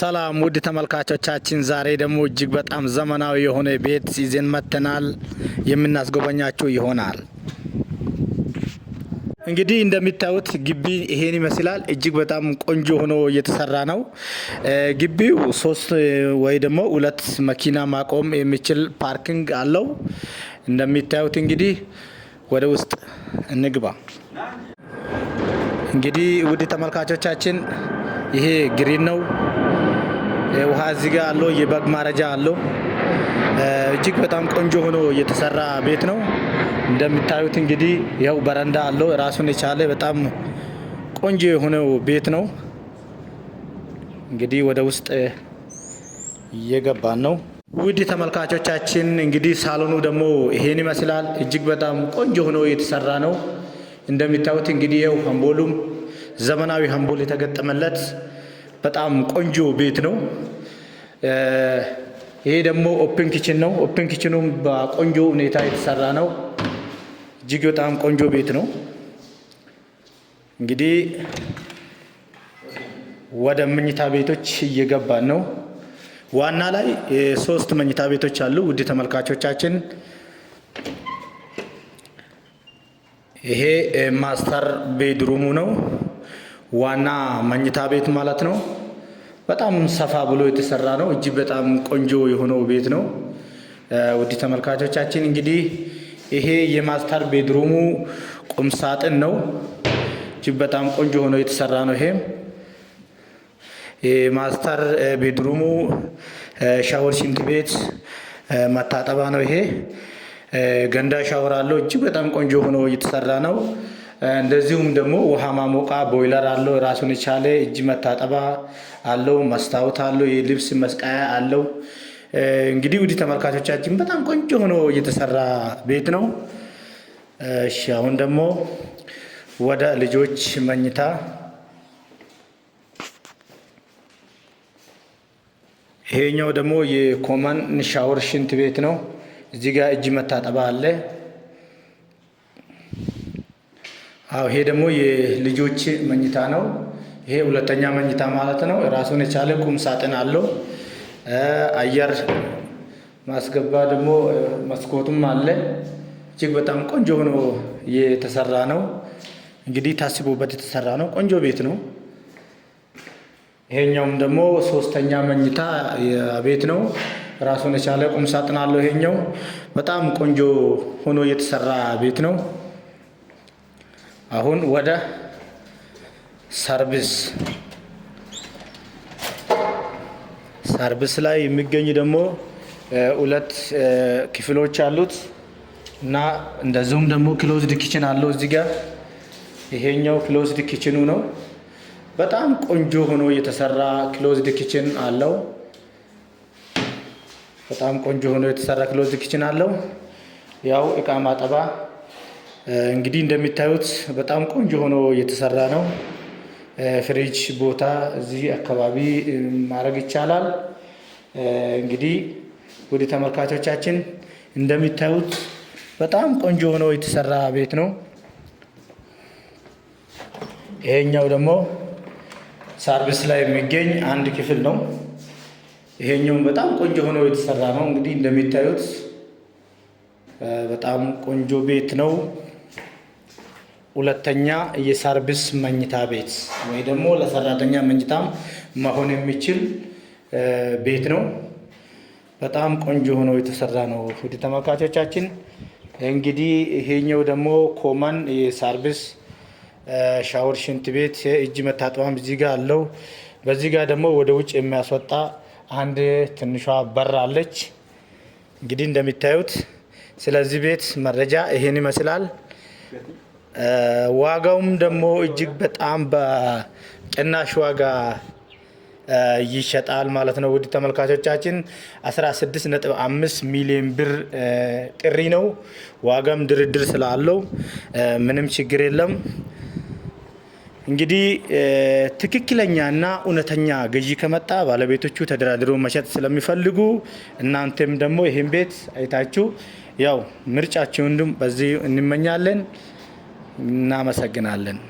ሰላም ውድ ተመልካቾቻችን፣ ዛሬ ደግሞ እጅግ በጣም ዘመናዊ የሆነ ቤት ይዘን መጥተናል። የምናስጎበኛችሁ ይሆናል። እንግዲህ እንደሚታዩት ግቢ ይሄን ይመስላል። እጅግ በጣም ቆንጆ ሆኖ እየተሰራ ነው። ግቢው ሶስት ወይ ደግሞ ሁለት መኪና ማቆም የሚችል ፓርኪንግ አለው። እንደሚታዩት እንግዲህ ወደ ውስጥ እንግባ። እንግዲህ ውድ ተመልካቾቻችን ይሄ ግሪን ነው። ውሃ እዚህ ጋር አለው። የበግ ማረጃ አለው። እጅግ በጣም ቆንጆ ሆኖ የተሰራ ቤት ነው። እንደምታዩት እንግዲህ ያው በረንዳ አለው ራሱን የቻለ በጣም ቆንጆ የሆነው ቤት ነው። እንግዲህ ወደ ውስጥ እየገባን ነው። ውድ ተመልካቾቻችን እንግዲህ ሳሎኑ ደግሞ ይሄን ይመስላል። እጅግ በጣም ቆንጆ ሆኖ የተሰራ ነው። እንደሚታዩት እንግዲህ ው ሀምቦሉም ዘመናዊ ሀምቦል የተገጠመለት በጣም ቆንጆ ቤት ነው። ይሄ ደግሞ ኦፕን ኪችን ነው። ኦፕን ኪችኑም በቆንጆ ሁኔታ የተሰራ ነው። እጅግ በጣም ቆንጆ ቤት ነው። እንግዲህ ወደ መኝታ ቤቶች እየገባን ነው። ዋና ላይ ሶስት መኝታ ቤቶች አሉ። ውድ ተመልካቾቻችን ይሄ ማስተር ቤድሩሙ ነው። ዋና መኝታ ቤት ማለት ነው። በጣም ሰፋ ብሎ የተሰራ ነው። እጅግ በጣም ቆንጆ የሆነው ቤት ነው። ውድ ተመልካቾቻችን እንግዲህ ይሄ የማስተር ቤድሩሙ ቁም ሳጥን ነው። እጅግ በጣም ቆንጆ ሆኖ የተሰራ ነው። ይሄ የማስተር ቤድሩሙ ሻወር፣ ሽንት ቤት፣ መታጠባ ነው። ይሄ ገንዳ ሻወር አለው። እጅግ በጣም ቆንጆ ሆኖ የተሰራ ነው። እንደዚሁም ደግሞ ውሃ ማሞቃ ቦይለር አለው። ራሱን የቻለ እጅ መታጠባ አለው። መስታወት አለው። የልብስ መስቀያ አለው። እንግዲህ ውድ ተመልካቾቻችን በጣም ቆንጆ ሆኖ እየተሰራ ቤት ነው። እሺ አሁን ደግሞ ወደ ልጆች መኝታ ይሄኛው ደግሞ የኮመን ሻወር ሽንት ቤት ነው። እዚህ ጋር እጅ መታጠባ አለ። አዎ ይሄ ደግሞ የልጆች መኝታ ነው። ይሄ ሁለተኛ መኝታ ማለት ነው። ራሱን የቻለ ቁም ሳጥን አለው። አየር ማስገባ ደግሞ መስኮቱም አለ። እጅግ በጣም ቆንጆ ሆኖ የተሰራ ነው። እንግዲህ ታስቦበት የተሰራ ነው። ቆንጆ ቤት ነው። ይሄኛውም ደግሞ ሶስተኛ መኝታ ቤት ነው። ራሱን የቻለ ቁም ሳጥን አለው። ይሄኛው በጣም ቆንጆ ሆኖ የተሰራ ቤት ነው። አሁን ወደ ሰርቪስ ሰርቪስ ላይ የሚገኝ ደግሞ ሁለት ክፍሎች አሉት እና እንደዚሁም ደግሞ ክሎዝድ ኪችን አለው እዚህ ጋር። ይሄኛው ክሎዝድ ኪችኑ ነው። በጣም ቆንጆ ሆኖ የተሰራ ክሎዝድ ኪችን አለው። በጣም ቆንጆ ሆኖ የተሰራ ክሎዝድ ኪችን አለው። ያው እቃ ማጠባ እንግዲህ እንደሚታዩት በጣም ቆንጆ ሆኖ እየተሰራ ነው። ፍሪጅ ቦታ እዚህ አካባቢ ማድረግ ይቻላል። እንግዲህ ወደ ተመልካቾቻችን እንደሚታዩት በጣም ቆንጆ ሆኖ የተሰራ ቤት ነው። ይሄኛው ደግሞ ሰርቪስ ላይ የሚገኝ አንድ ክፍል ነው። ይሄኛውም በጣም ቆንጆ ሆኖ የተሰራ ነው። እንግዲህ እንደሚታዩት በጣም ቆንጆ ቤት ነው። ሁለተኛ የሰርቪስ መኝታ ቤት ወይ ደግሞ ለሰራተኛ መኝታም መሆን የሚችል ቤት ነው። በጣም ቆንጆ ሆኖ የተሰራ ነው። ውድ ተመልካቾቻችን እንግዲህ ይሄኛው ደግሞ ኮመን የሰርቪስ ሻወር፣ ሽንት ቤት፣ እጅ መታጠቢያም እዚህ ጋር አለው። በዚህ ጋር ደግሞ ወደ ውጭ የሚያስወጣ አንድ ትንሿ በር አለች። እንግዲህ እንደሚታዩት ስለዚህ ቤት መረጃ ይሄን ይመስላል። ዋጋውም ደግሞ እጅግ በጣም በቅናሽ ዋጋ ይሸጣል ማለት ነው። ውድ ተመልካቾቻችን 16.5 ሚሊዮን ብር ጥሪ ነው። ዋጋም ድርድር ስላለው ምንም ችግር የለም። እንግዲህ ትክክለኛና እውነተኛ ገዢ ከመጣ ባለቤቶቹ ተደራድሮ መሸጥ ስለሚፈልጉ እናንተም ደግሞ ይህን ቤት አይታችሁ ያው ምርጫችሁንም በዚህ እንመኛለን። እናመሰግናለን።